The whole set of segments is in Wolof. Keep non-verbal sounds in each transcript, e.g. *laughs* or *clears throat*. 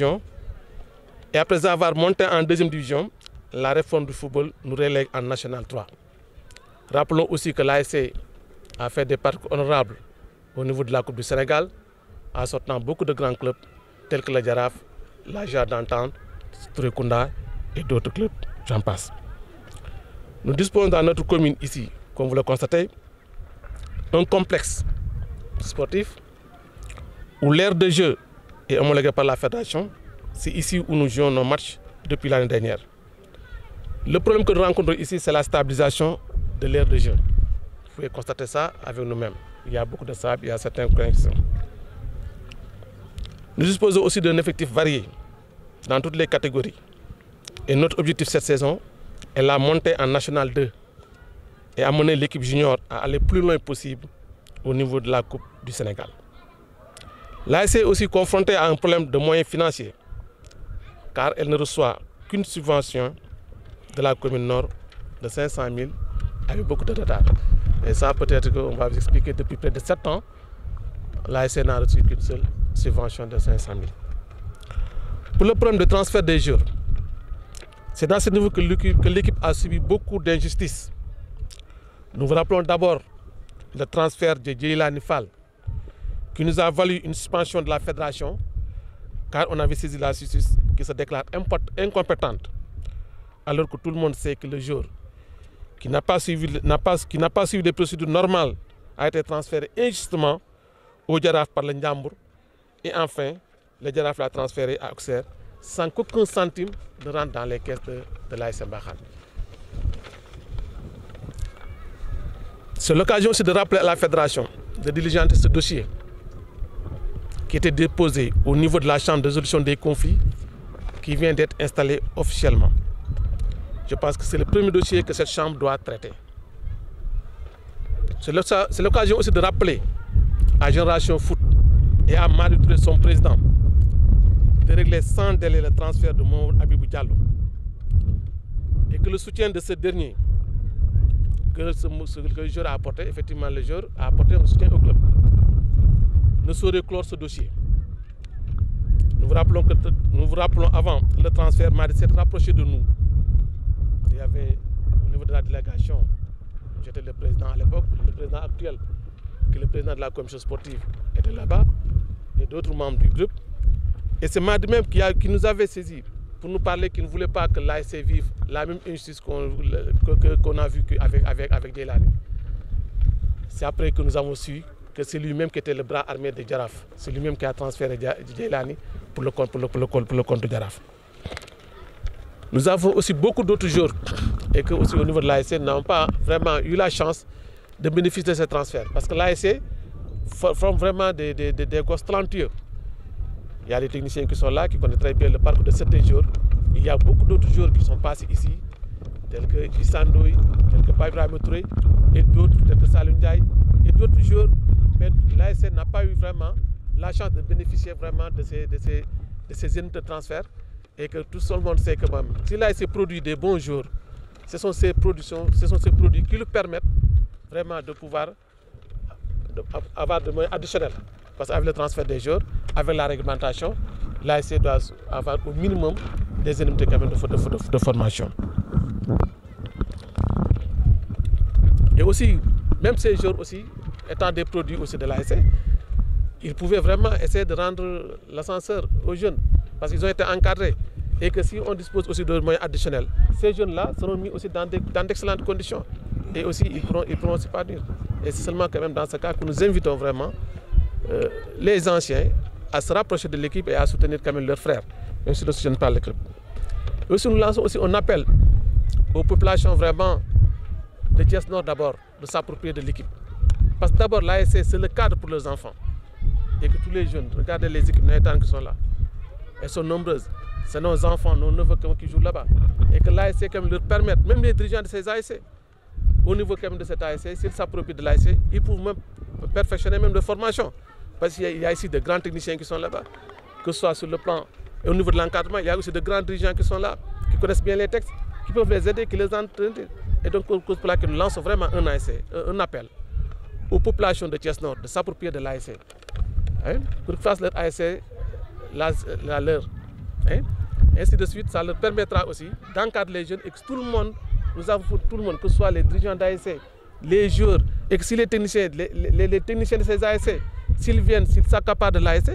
division. Et après avoir monté en deuxième division, la réforme du football nous relègue en National 3. Rappelons aussi que l'ASC a fait des parcours honorables au niveau de la Coupe du Sénégal, en sortant beaucoup de grands clubs tels que la Jaraaf, la Jardin d'Antan, Strekunda et d'autres clubs, j'en passe. Nous disposons dans notre commune ici, comme vous le constatez, un complexe sportif où l'aire de jeu et homologué par la fédération. C'est ici où nous jouons nos matchs depuis l'année dernière. Le problème que nous rencontrons ici, c'est la stabilisation de l'aire de jeu. Vous pouvez constater ça avec nous-mêmes. y a beaucoup de sable, y a certaines connexions. Nous disposons aussi d'un effectif varié dans toutes les catégories. Et notre objectif cette saison et la montée en National 2 et amener l'équipe junior à aller plus loin possible au niveau de la Coupe du Sénégal. la est aussi confrontée à un problème de moyens financiers, car elle ne reçoit qu'une subvention de la commune nord de 500 000 avec beaucoup de retard. Et ça, peut-être qu'on va vous expliquer depuis près de 7 ans, l'ASC n'a reçu qu'une seule subvention de 500 000. Pour le problème de transfert des jours, c'est dans ce niveau que l'équipe a subi beaucoup d'injustices. Nous vous rappelons d'abord le transfert de Djeila Nifal qui nous a valu une suspension de la fédération car on avait saisi la justice qui se déclare incompétente alors que tout le monde sait que le jour qui n'a pas suivi n'a pas n'a pas suivi les procédures normales a été transféré injustement au Jaraaf par le Ndiambour et enfin le Jaraaf l'a transféré à Auxerre sans qu'aucun centime ne rentre dans les caisses de, la l'AS Mbaxane. C'est l'occasion aussi de rappeler à la fédération de diligenter dossier qui était déposé au niveau de la Chambre de résolution des conflits qui vient d'être installée officiellement. Je pense que c'est le premier dossier que cette Chambre doit traiter. C'est l'occasion aussi de rappeler à Génération Foot et à Marie Touré, son président, de régler sans délai le transfert de mon Abibou Diallo et que le soutien de ce dernier que, ce, que le joueur a apporté, effectivement le joueur a apporté un soutien au ne saurait clore ce dossier. Nous vous rappelons, avant le transfert, Marie s'est rapproché de nous. Il avait, au niveau de la délégation, j'étais le président à l'époque, le président actuel, que le président de la commission sportive était là-bas, et d'autres membres du groupe. Et c'est Madi même qui, a, nous avait saisis pour nous parler qu'il ne voulait pas que l'ASC vive la même injustice qu'on a vécue avec, avec, avec C'est après que nous avons su que c'est lui-même qui était le bras armé de Jaraaf c'est lui-même qui a transféré Djeylani pour le compte Jaraaf nous avons aussi beaucoup d'autres joueurs et que aussi au niveau de l'ASC n'ont pas vraiment eu la chance de bénéficier de ces transferts parce que l'ASC forme vraiment des des des, des gosses talentueux il y a des techniciens très bien le parcours de certains joueurs il y a beaucoup d'autres joueurs qui sont passés ici tels que Issa Ndoye tels que Baye Ibrahima mais l'ASC n'a pas eu vraiment la chance de bénéficier vraiment de ces, de ces, de ces zéniths de transfert. Et que tout le monde sait que même, si l'ASC produit des bons jours, ce sont ces productions, ce sont ces produits qui lui permettent vraiment de pouvoir de, avoir des moyens additionnels. Parce le transfert des jours, avec la réglementation, l'ASC doit avoir au minimum des indemnités de, de, de, formation. Et aussi, même ces jours aussi, état des produits aussi de l'ASC, ils pouvaient vraiment essayer de rendre l'ascenseur aux jeunes parce qu'ils ont été encadrés et que si on dispose aussi de moyens additionnels, ces jeunes-là seront mis aussi dans d'excellentes dans conditions et aussi ils pourront, ils pourront s'y partir. Et c'est seulement quand même dans ce cas que nous invitons vraiment euh, les anciens à se rapprocher de l'équipe et à soutenir quand même leurs frères, même le club. Et aussi, nous appel aux populations Parce que d'abord, l'ASC, c'est le cadre pour les enfants. Et que tous les jeunes, regardez les équipes naïtanes qui sont là. Elles sont nombreuses. C'est nos enfants, nos neveux qui jouent là Et que l'ASC, comme leur permettre, même les dirigeants de ces ASC, au niveau quand même de cet ASC, s'ils s'approprient de l'ASC, ils peuvent même perfectionner même de formation. Parce qu'il y, a ici de grands techniciens qui sont là que ce soit sur le plan au niveau de l'encadrement, aux populations de Thiès Nord de s'approprier de l'ASC. Hein, pour que fassent leur ASC la, la leur. Hein. Ainsi de suite, ça leur permettra aussi d'encadrer les jeunes et tout le monde, nous avons pour tout le monde, que ce soit les dirigeants d'ASC, les joueurs, et que si les techniciens, les, les, les techniciens de ces ASC, s'ils de l'ASC,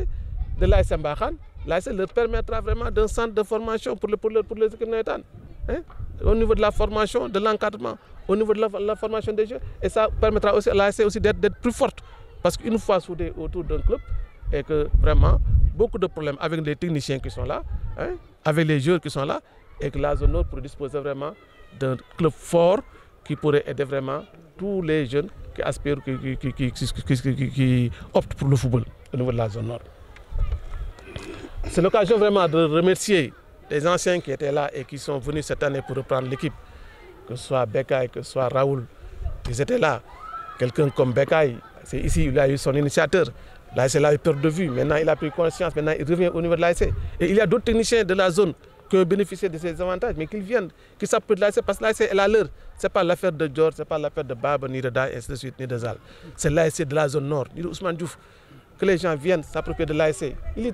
de l'ASC Mbakhan, l'ASC leur permettra vraiment d'un centre de formation pour, le, pour, le, pour les au niveau de la formation, de l'encadrement, au niveau de la, la, formation des jeunes. Et ça permettra aussi à l'ASC aussi d'être plus forte. Parce qu'une fois soudée autour d'un club, et que vraiment, beaucoup de problèmes avec les techniciens qui sont là, hein, avec les joueurs qui sont là, et que la zone nord pourrait disposer vraiment d'un club fort qui pourrait aider vraiment tous les jeunes qui aspirent, qui, qui, qui, qui optent pour le football au niveau de la zone nord. l'occasion vraiment de remercier des anciens qui étaient là et qui sont venus cette année reprendre l'équipe, que soit Bekaï, que soit Raoul, Quelqu'un comme Bekaï, c'est ici il a son initiateur. L'ASC l'a eu peur de vue, maintenant il a pris conscience, maintenant il revient au de a d'autres la zone qui ont de ces avantages, mais que la leur. Ce n'est de George, ni de Da, et suite, ni de Zal. C'est l'ASC de la zone nord, ni de Ousmane Diouf. Que les gens viennent s'approprier de l'ASC. Ils y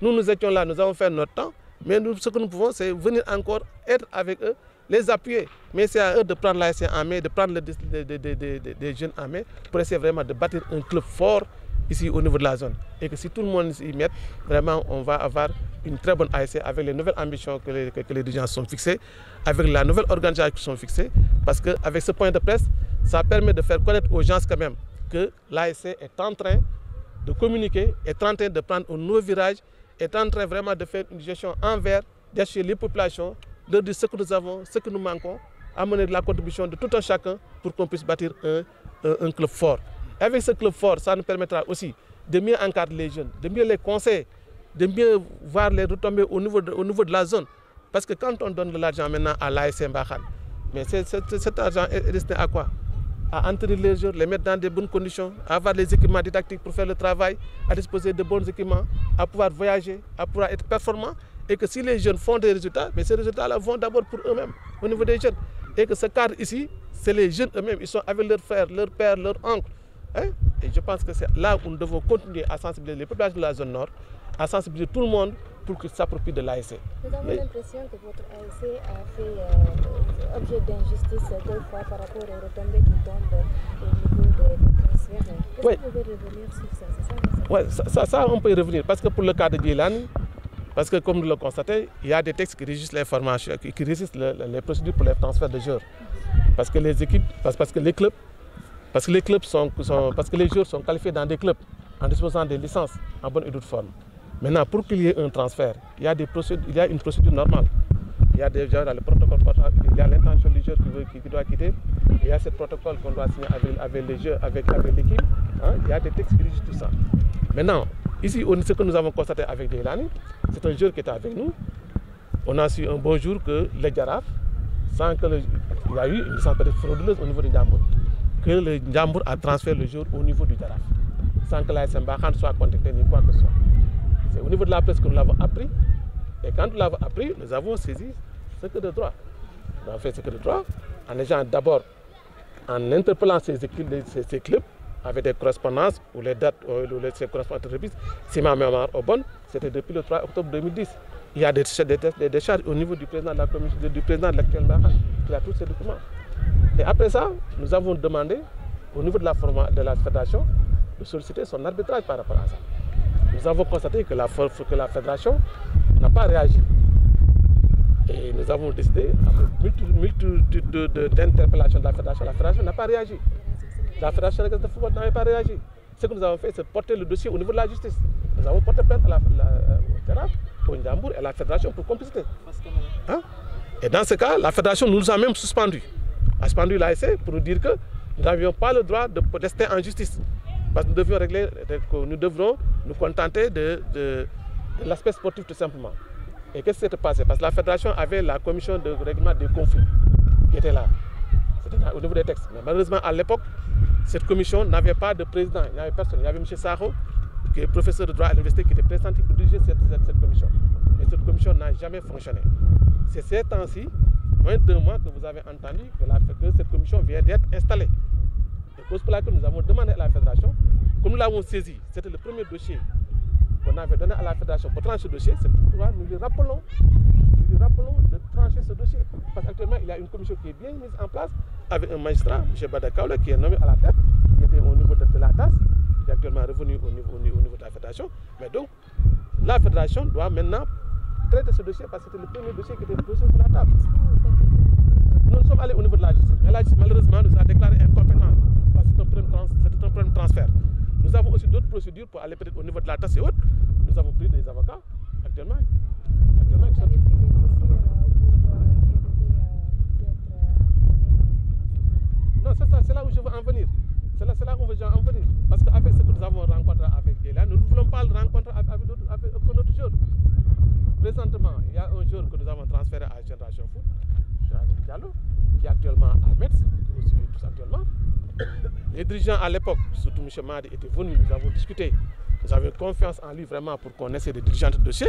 Nous, nous étions là, nous avons fait notre temps, mais nous, ce que nous pouvons, c'est venir encore être avec eux, les appuyer. Mais c'est à eux de prendre l'ASC en main, de prendre les des jeunes en main, pour essayer vraiment de bâtir un club fort ici au niveau de la zone. Et que si tout le monde s'y met, vraiment, on va avoir une très bonne ASC avec les nouvelles ambitions que les, que, sont fixées, avec la nouvelle organisation qui sont fixées, parce de presse, ça permet de faire connaître aux gens quand même que l'ASC est en train virage est en train vraiment de faire une gestion envers, d'acheter les populations, de dire ce que nous avons, ce que nous manquons, amener de la contribution de tout un chacun pour qu'on puisse bâtir un, un, un, club fort. Avec ce club fort, ça nous permettra aussi de mieux encadrer les jeunes, de mieux les conseiller, de mieux voir les retombées au niveau de, au niveau de la zone. Parce que quand on donne de l'argent maintenant à l'ASM Bahan, mais c est, c est, cet argent est destiné à quoi à entraîner les joueurs, les mettre dans de bonnes conditions, à avoir les équipements didactiques pour faire le travail, à disposer de bons équipements, à pouvoir voyager, à pouvoir être performant. Et que si les jeunes font des résultats, mais ces résultats-là vont d'abord pour eux-mêmes, au niveau des jeunes. Et que ce cadre ici, c'est les jeunes eux-mêmes. Ils sont avec leurs frères, leurs pères, leurs oncles. Et je pense que c'est là où devons continuer à sensibiliser à sensibiliser tout le monde pour qu'il s'approprie de l'ASC. Nous avons l'impression que votre ASC a fait euh, objet d'injustice deux fois par rapport aux retombées qui tombent au niveau des, des transferts. Est-ce oui. que vous pouvez revenir sur ça ça, ça, ouais, ça, ça, ça, on peut y revenir. Parce que pour le cas de Guilani, parce que comme nous le constatons, il y a des textes qui régissent les formations, qui, qui régissent le, les procédures pour les transferts de joueurs. Parce que les équipes, parce, parce que les clubs, parce que les clubs sont, sont parce que les joueurs sont qualifiés dans des clubs en disposant des licences en bonne et due forme. Maintenant, pour qu'il y ait un transfert, il y a, des procédures, il une procédure normale. Il y a déjà dans le protocole, il y a l'intention du jeu qui, doit quitter. Il y a ce protocole qu'on doit signer avec, les jeux, avec, avec l'équipe. Hein? Il y a des textes qui régissent tout ça. Maintenant, ici, ce que nous avons constaté avec Deilani, c'est un joueur qui était avec nous. On a su un bon jour que le Djaraf, sans que le, il y au niveau du Djambour, que le Djambour a soit contactée ni quoi C'est au niveau de la presse que nous l'avons appris. nous avons saisi ce que Nous avons fait ce que en ayant d'abord, en interpellant ces, ces, ces, clubs avec des correspondances ou les dates euh, ou les, correspondances si ma mémoire est bonne, c'était depuis le 3 octobre Il y a des, des, des décharges au niveau du président de la commission, du de l'actuel Bahan, qui a tous ces documents. Et après ça, nous avons demandé au niveau nous avons constaté que la, que la fédération n'a pas réagi. Et nous avons décidé, après de la fédération, la fédération n'a pas réagi. La fédération de football n'avait pas réagi. Ce que nous avons fait, c'est porter le dossier au niveau de la justice. Nous avons porté plainte à la, la, pour Ndambour et à la fédération pour complicité. Et dans ce cas, la fédération nous a même suspendus. A suspendu l'ASC pour nous dire que nous n'avions pas le droit de protester en justice. Parce que nous devions régler, nous contenter de, l'aspect sportif tout simplement. Et qu'est-ce qui s'est passé Parce que la fédération avait la commission de règlement des conflits qui était là. malheureusement, à l'époque, cette commission n'avait pas de président, il personne. Il y qui est professeur de droit à l'université, qui était pressenti pour diriger cette, cette, commission. Mais cette commission n'a jamais fonctionné. C'est cette commission cause pour laquelle nous avons demandé à la fédération, comme nous l'avons saisi, c'était le premier dossier qu'on avait donné à la fédération pour trancher ce dossier, c'est pourquoi nous lui rappelons, nous lui rappelons de trancher ce dossier. Parce qu'actuellement, il y a une commission qui est bien mise en place avec un magistrat, M. Badakaoula, qui est nommé à la tête, qui était au niveau de, de la TAS, qui est revenu au niveau, de la fédération. Mais donc, la fédération doit maintenant traiter ce dossier parce que c'était le premier parce que c'est un problème de transfert. Nous avons aussi d'autres procédures pour aller peut-être au niveau de la tasse et autres. Nous avons pris des avocats actuellement. actuellement Vous avez pris des mesures euh, pour euh, euh, Non, c'est là où je veux en venir. C'est là, là, où je veux en venir. Parce qu'avec ce que nous avons rencontré avec Géla, nous ne voulons pas le rencontrer avec, avec, avec, avec un autre jour. Présentement, il y a un jour que nous avons transféré à Génération Foot, Diallo, qui est actuellement à Metz, que vous suivez tous actuellement. Les dirigeants à l'époque, surtout M. Mahdi, étaient venus, nous confiance en lui vraiment pour qu'on essaie de dossier.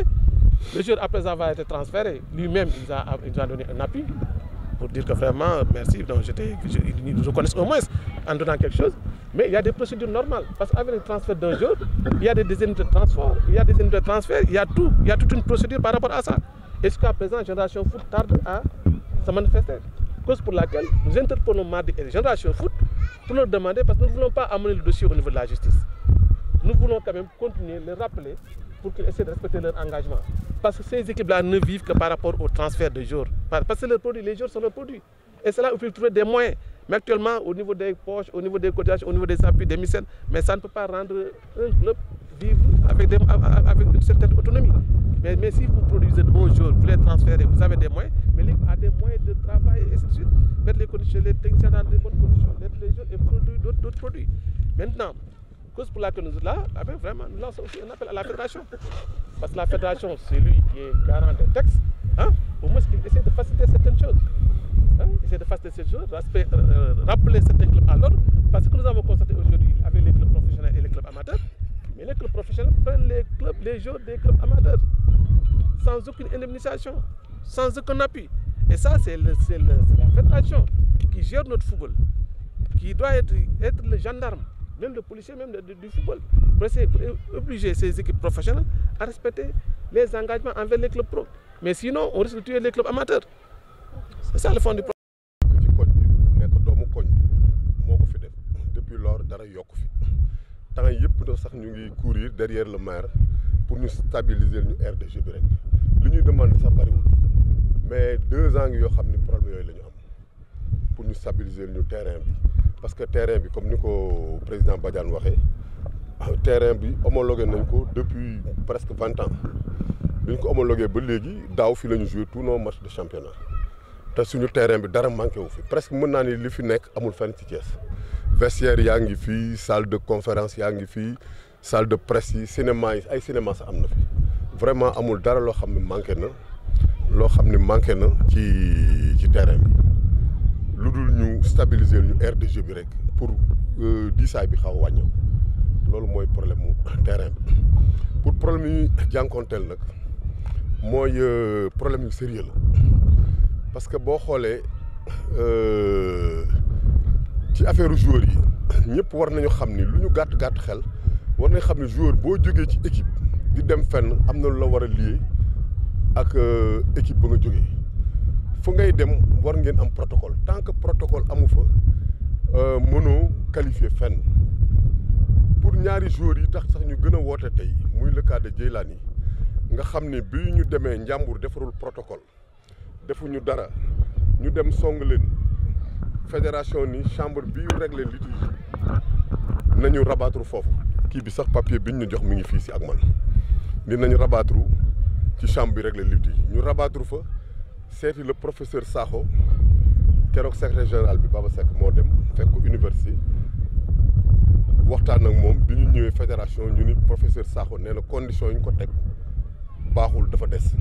Le jour après avoir été transféré, lui-même, il, nous a donné un appui pour dire que vraiment, merci, donc j'étais, ils nous reconnaissent au moins en donnant quelque chose. Mais il y a des procédures normales. Parce qu'avec le transfert d'un jour, il y a des dizaines de transferts, il y a tout, une procédure par rapport à ça. pour leur demander, parce que nous ne voulons pas amener le dossier au niveau de la justice. Nous voulons quand même continuer, les rappeler pour qu'ils essaient de respecter leur engagement. Parce que ces équipes-là ne vivent que par rapport au transfert de jours. Parce que leurs produits, les jours sont leurs produits. Et c'est là où trouver des moyens. Mais actuellement, au niveau des poches, au niveau des appuis, des missels, mais ça ne peut pas rendre un club vivre avec, des, avec une certaine autonomie. Mais, mais, si vous produisez de beaux jours, vous a des moyens de travail et Mettre les conditions, les de bonnes conditions, mettre les jeunes et produire d'autres produits. Maintenant, cause pour laquelle nous sommes là, ah vraiment, nous lançons aussi un appel à la fédération. Parce que la fédération, c'est qui est garant des textes, hein, au moins qu'il essaie de faciliter certaines choses. Hein, euh, euh, rappeler certains Mais les clubs professionnels prennent les clubs, les jours des clubs amateurs, sans aucune indemnisation, sans aucun appui. Et ça, c'est la fédération qui gère notre football, qui doit être, être le gendarme, même le policier, même le, du football, pour, essayer, pour obliger ces équipes professionnelles à respecter les engagements envers les clubs pro. Mais sinon, on risque de tuer les clubs amateurs. C'est ça du problème. temps yëpp na sax ñu ngi courir derrière le maire pour ñu stabiliser ñu aire de bi rek li ñuy demande sax bariwul mais deux ans yoo xam ni problème yooyu la ñu am pour ñu stabiliser ñu terrain bi parce que terrain bi comme ni ko président Badiane waxee ah, terrain bi homologué nañ ko depuis presque vingt ans bi ñu ko homologué ba léegi daaw fi la ñu joué tous nos matchs de championnat te suñu terrain bi dara manqué wu fi presque mën naa ni li fi nekk amul fenn ci Thiès. vestiaire yaa ngi fii salle de conférence yaa ngi fii salle de presse yi cinéma yi ay cinéma sax am na fi vraiment amul dara loo xam ne manqué na loo xam ni manqué na ci ci terrain bi lu dul ñu stabiliser ñu aire bi rek pour euh, diisaay bi xaw a wàññeeku loolu mooy problème mu *laughs* terrain bi pour problème yi jànkoonteel nag mooy euh, problème yu sérieux la que boo xoolee. Euh, ci affaire joueur yi ñëpp war nañu xam ni lu ñu gàtt gàtt xel war nañu xam ni joueur boo jógee ci équipe di dem fenn am na lu la war a lié ak euh, équipe ba nga jógee fu ngay dem war ngeen am protocole tant que protocole amu fa euh, mënoo qualifier fenn pour ñaari joueurs yi tax sax ñu gën a woote tey muy le cas de Djeylani nga xam ne bi ñu demee njàmbur defarul protocole defuñu dara ñu dem song leen. fédération ni chambre bi réglé litige nañu rabattre foofu kii bi sax papier bi ñu jox mi ngi fii si ak man ni nañu rabattre ci chambre bi réglé litige ñu rabattre fa seeti le professeur Sakho keroog secrétaire général bi Baba Seck moo dem fekk ko université waxtaan ak moom bi ñu ñëwee fédération ñu ni professeur Sakho nee na conditions yi ñu ko teg baaxul dafa des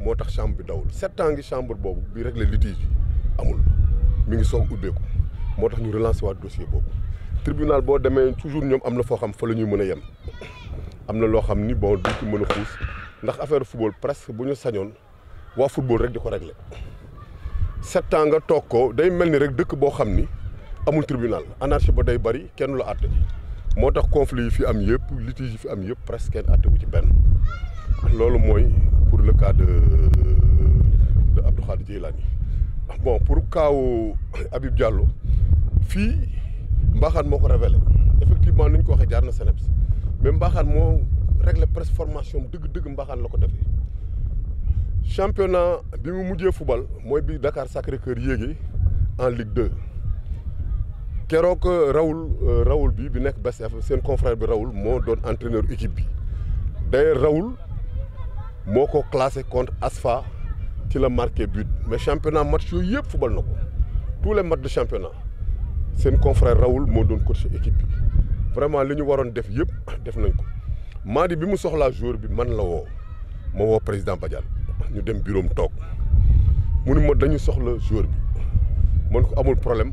moo tax chambre bi dawul sept ans ngi chambre boobu bi réglé litige amul mi ngi soog ubbeeku moo tax ñu relancer waat dossier boobu tribunal boo demee toujours ñoom am na foo xam fa la ñuy mën a yem am na loo xam ni boo duñ ci mën a xuus ndax affaire football presque bu ñu sañoon waa football rek di ko régler sept ans nga toog ko day mel ni rek dëkk boo xam ni amul tribunal anarchie ba day bari kenn lu àtte moo tax conflit yi fi am yëpp litige yi fi am yëpp presque kenn àtte wu ci benn loolu mooy pour le cas de Abdou Khadre bon pour kaaw Habib Diallo fii Mbaxaan moo ko révélé effectivement ni ko waxee jaar na CNEPS mais Mbaxaan moo réglé presque formation dëgg-dëgg Mbaxaan la ko defee. championnat bi mu mujjee football mooy bi Dakar Sacré-Cœur yéegee en Ligue 2 keroog euh, Raoul euh, Raoul bi bi nekk Best FM seen confrère bi rawul moo doon entraîneur équipe bi d'ailleurs Raoul moo ko classé contre Asfa. ci la marqué but mais championnat match yooyu yëpp football na ko tous les matchs de championnat seen confrère rawul moo doon coach équipe bi vraiment li ñu waroon def yëpp *coughs* def nañ ko Madi bi mu soxlaa joueur bi man la woo ma woo président Badiane ñu dem bureau toog mu ne ma dañu soxla joueur bi man ko amul problème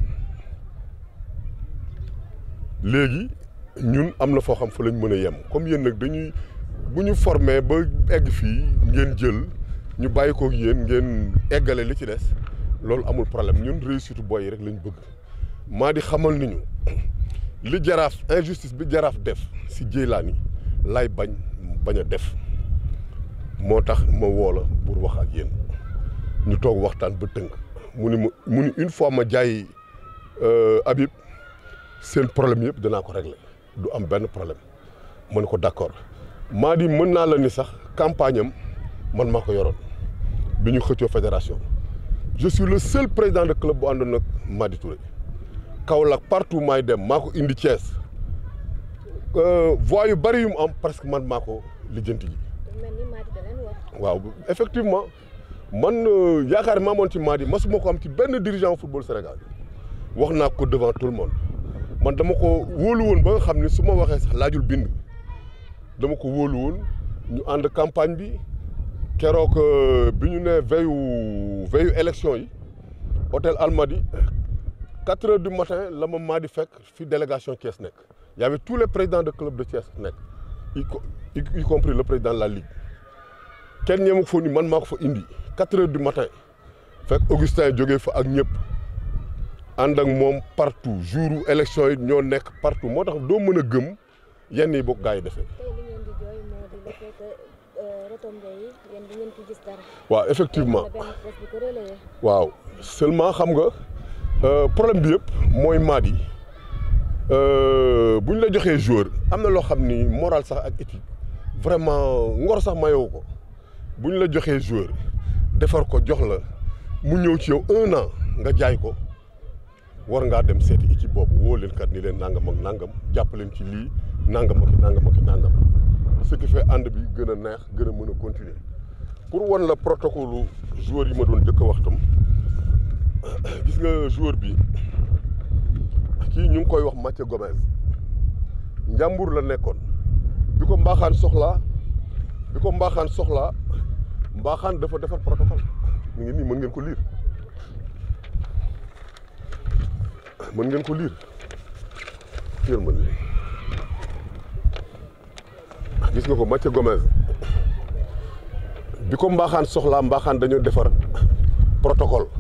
léegi ñun am na foo xam fa lañ mën a yem comme yéen nag dañuy bu ñu formé ba egg fii ngeen jël. ñu bàyyi ko yéen ngeen eggale li ci des loolu amul problème ñun réussite booy yi rek lañ bëgg maa di xamal ni ñu *clears throat* li jaraaf injustice bi jaraaf def si Jeylaani lay bañ bañ a def moo tax ma woo la pour wax ak yéen ñu toog waxtaan ba tënk mu mu ni une fois ma jaay euh, Habib seen problème yëpp danaa ko régler du am benn problème ma ne ko d'accord maa di mën naa la ni sax campagne am man maa ko yoroon bi ñu xëccoo fédération je suis le seul président de club bu àndoon nag Madi Touré Kaolack partout maay dem maa ko indi Thiès euh, voix yu bëri yu mu am presque man maa ko lijjanti ji waaw effectivement man euh, yaakaar maa moon ci Madi masuma ko am ci benn dirigeant football Sénégal wax naa ko devant tout le monde man dama ko wóolu ba nga xam ne su ma waxee sax laajul bind dama ko wóolu ñu ànd campagne bi keroog euh, bi ñu ne veyu veyu élection yi hôtel Almadi quatre heures du matin la ma maa di fekk fi délégation Thiès nekk y avait tous les présidents de club de Thiès nekk y compris le président de la ligue kenn ñeemu fo ni man maa ko fa indi quatre heures du matin fekk Augustin jógee fa ak ñëpp ànd ak moom partout jour élection yi ñoo nekk partout moo tax doo mën a gëm yenn yi bokk gaa yi defee waaw effectivement waaw seulement xam nga euh, problème bi yëpp mooy maadi yi bu ñu la joxee joueur am na loo xam ni moral sax ak éthique vraiment ngor sax mayoo ko bu ñu la joxee joueur defar ko jox la mu ñëw ci yow un nga jaay ko war ngaa dem seeti équipe boobu woo leen kat ni leen nangam ak nangam jàpp leen ci lii nangam ak nangam ak nangam. ce qui ànd bi gën a neex gën a mën a continuer pour wan la protocole joueur yi ma doon jëkk a wax *coughs* gis nga joueur bi kii ñu ngi koy wax Mathieu Gomez njàmbur la nekkoon bi ko mbaaxaan soxla bi ko mbaaxaan soxlaa mbaaxaan dafa defar protocole mu ngi nii mën ngeen ko lire mën ngeen ko lire fiir mën gis nga ko Mathieu Gomez bi ko mbaaxaan soxlaa mbaaxaan dañoo defar protocole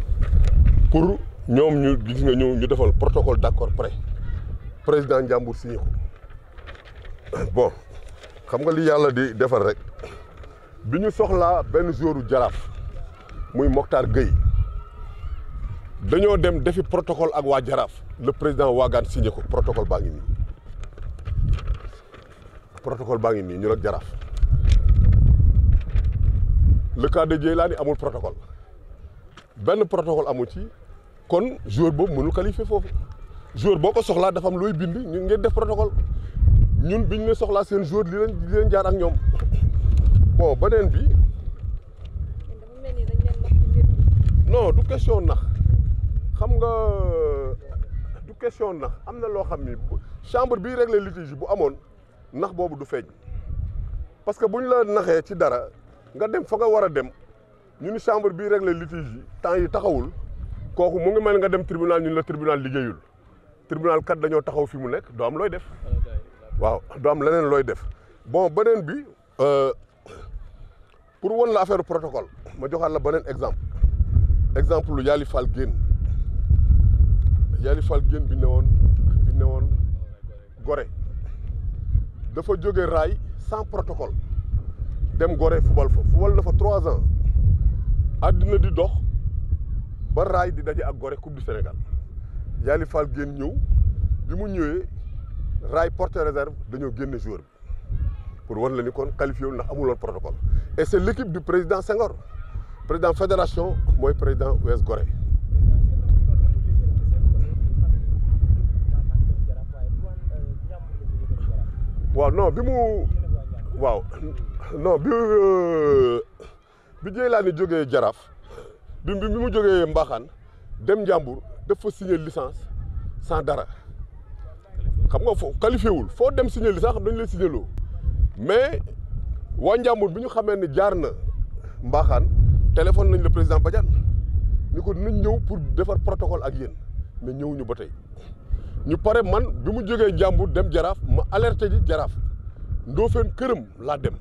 pour ñoom ñu gis nga ñu ñu defal protocole d'accord prêt président Ndiambour signé ko bon xam nga li yàlla di defar rek bi ñu soxlaa benn joueur jaraaf muy Mokhtar Gueye dañoo dem defi protocole ak waa jaraaf la président Wagane signé ko protocole baa ngi nii. protocole baa ngi nii ñu nag jaraaf le cas de Dieylaani amul protocole benn protocole amu ci kon joueur boobu mënul qualifier foofu joueur boo ko soxlaa dafa am looy bind ñu ngeen def protocole ñun bi ñu ne soxlaa seen joueur li leen li ak ñoom bon beneen bi non du question nax xam nga du question nax am na loo xam ni chambre bii réglé litige bu amoon nax boobu du feeñ parce que bu ñu la naxee ci dara nga dem fa nga war a dem ñu chambre bii réglé litige yi temps yi taxawul kooku mu ngi mel nga dem tribunal ñu la tribunal liggéeyul tribunal kat dañoo taxaw fi mu nekk doo am looy def waaw doo am leneen looy def bon beneen bi euh, pour won la affaire protocole ma joxaat la beneen exemple exemple lu Yaali Fall Guène Yaali Fall Guène bi ne woon bi ne woon gore dafa jóge raay sans protocole dem Gorée fubal fa fubal na fa trois ans àddina di dox ba raay di daje ak gore coupe du Sénégal Yaali Fall génn ñëw bi mu ñëwee raay porte réserve dañoo génn joueur bi pour war la ni kon qualifié wul ndax amuloon protocole et c' est l' équipe du président Senghor président fédération mooy président US Gorée waaw non bi mu waaw non bi euh, bi Jeylaani jógee Jaraaf bi bi mu jógee Mbaxaan dem Njàmbur dafa signer licence sans dara xam nga foo qualifié wul foo dem signer licence xam dañu lay signer mais waa Njàmbur bi ñu xamee ni jaar na Mbaxaan téléphone nañ la président Badiane ni ko dinañ ñëw pour defar protocole ak yéen mais ñëwuñu ba tey. ñu pare man bi mu jógee jàmbur dem jaraaf ma alerté ji jaraaf ndoofeen këram laa dem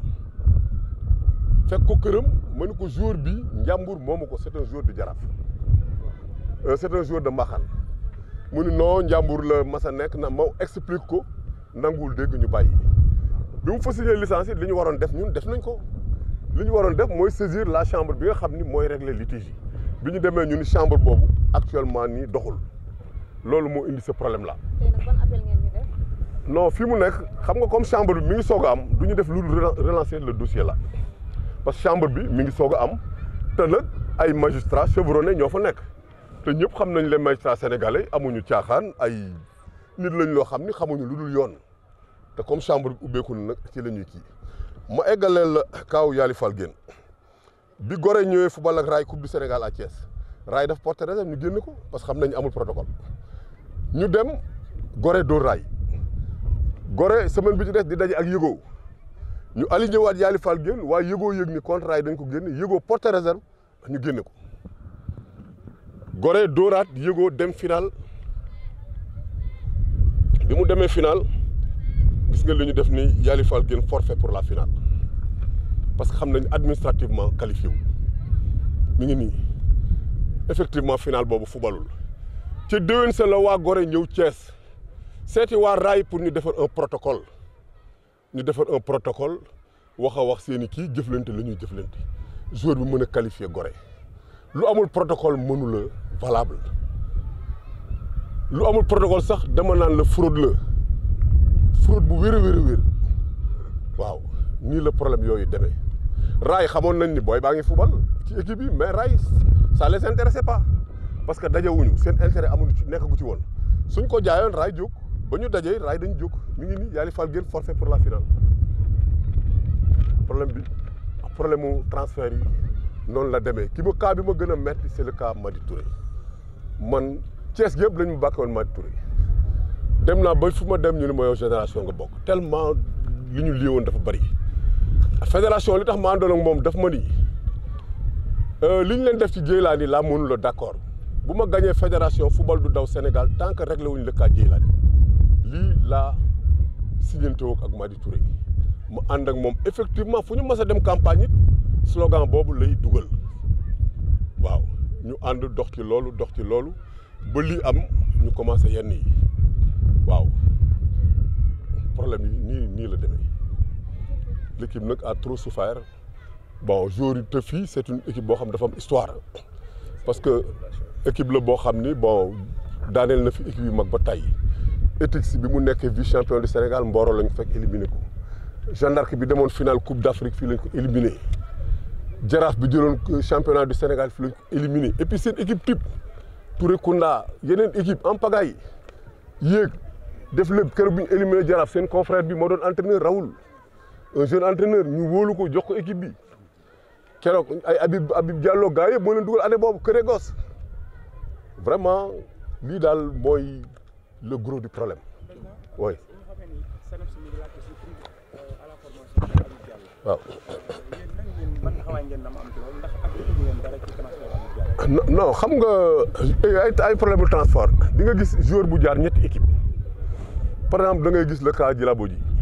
fekk ko këram ma ne ko jour bi njàmbur moomu ko c'est un di de jaraaf euh, c'est un jour de mbaxal mu ni noo njàmbur la masa nekk na ma explique ko nanguwul dégg ñu bàyyi bi mu fa signé li ñu waroon def ñun def nañ ko li ñu waroon def mooy saisir la chambre bi nga xam ni mooy régler litige yi bi ñu demee ñun chambre boobu actuellement nii doxul loolu moo indi ce problème la tey nag fi mu nekk xam nga comme chambre bi mi ngi soog a am du ñu def lu relancer le dossier la parce que chambre bi mi ngi soog am te nag ay magistrats chevronnés ñoo fa nekk te ñëpp xam nañ leen magistrats sénégalais amuñu caaxaan ay nit lañ loo xam ni xamuñu lu dul yoon te comme chambre bi ubbeeku na nag ci la ñuy mu ma eggaleel la kaaw Yaali Fall Guène bi Gorée ñëwee football ak Rail Coupe du Sénégal à Thiès Rail daf porté réserve ñu génn ko parce que xam nañ amul protocole. ñu dem Gorée dóor raay Gorée semaine bi ci des di daje ak yëgoo ñu aligné waat Yaali Fall génn waaye yëgoo yëg ni contrat yi dañ ko génne yëgoo porte réserve ñu génne ko gore dooraat yëgoo dem final bi mu demee final gis nga li ñu def ni Yaali Fall génn forfait pour la finale parce que xam nañu administrativement qualifié wu ngi nii effectivement final boobu fubalul ca déwén sa la waa gore ñëw cees seeti waa raay pour ñu defar un protocole ñu defar un protocole wax a wax kii jëflante la ñuy jëflante joueur bi mën a qualifier gore lu amul protocole mënu la valable lu amul protocole sax dama naan la fraude la fraude bu wér a wér a wér waaw nii la problème yooyu demee raay xamoon nañ ni booy baa ngi fubal ci équipe bi mais raay sa les intéressait pas parce que dajewuñu seen intérêt amul ci nekkagu ci woon suñ ko jaayoon raay jóg ba ñu dajee raay dañu jóg ñu ngi nii Yaali Fall génn forfait pour la finale problème bi problème mu transfert yi noonu la demee ki ma cas bi ma gën a metti c'est le cas Madi Touré man Thiès yëpp lañ ma bàkke woon Madi Touré dem naa ba fu ma dem ñu ne génération nga bokk tellement li ñu lii woon dafa bari fédération li tax ma àndoon moom daf ma nii euh, li ñu leen def ci Jeylaani laa mënula d'accord bu ma gañee fédération football du daw Sénégal tant que réglé wuñ lëkkaa jiy laaj lii laa signantewoo ak Madi Touré mu ànd ak moom effectivement fu ñu mas dem campagne it slogan boobu lay dugal waaw ñu ànd dox ci loolu dox ci loolu ba lii am ñu commencé yenn yi waaw problème yi nii nii la demee l'équipe nag a trop souffert bon joueur yi te fii c'est une équipe boo xam dafa am histoire parce que équipe la boo xam ni bon daaneel na fi équipe ba tey ETICS bi mu nekkee vice champion du Sénégal Mboro lañ fekk éliminé ko Jeanne bi demoon finale Coupe d'Afrique fii lañ ko éliminé Jaraaf bi jëloon euh, championnat du Sénégal fii lañ ko éliminé et puis seen équipe type Kounda yeneen équipe en pagaille yéeg def lépp kër bi ñu éliminé Jaraaf seen confrère bi moo doon entraîneur Raoul un jeune entraîneur ñu woolu ko jox ko équipe bi keroog ay Habib Habib Diallo gars yëpp moo leen dugal année boobu Kër Gosse vraiment lii daal mooy le gros du problème oui waaw. non xam nga ay ay problème de transport di nga gis joueur bu jaar ñetti équipe par exemple da ngay gis le cas Djilabodji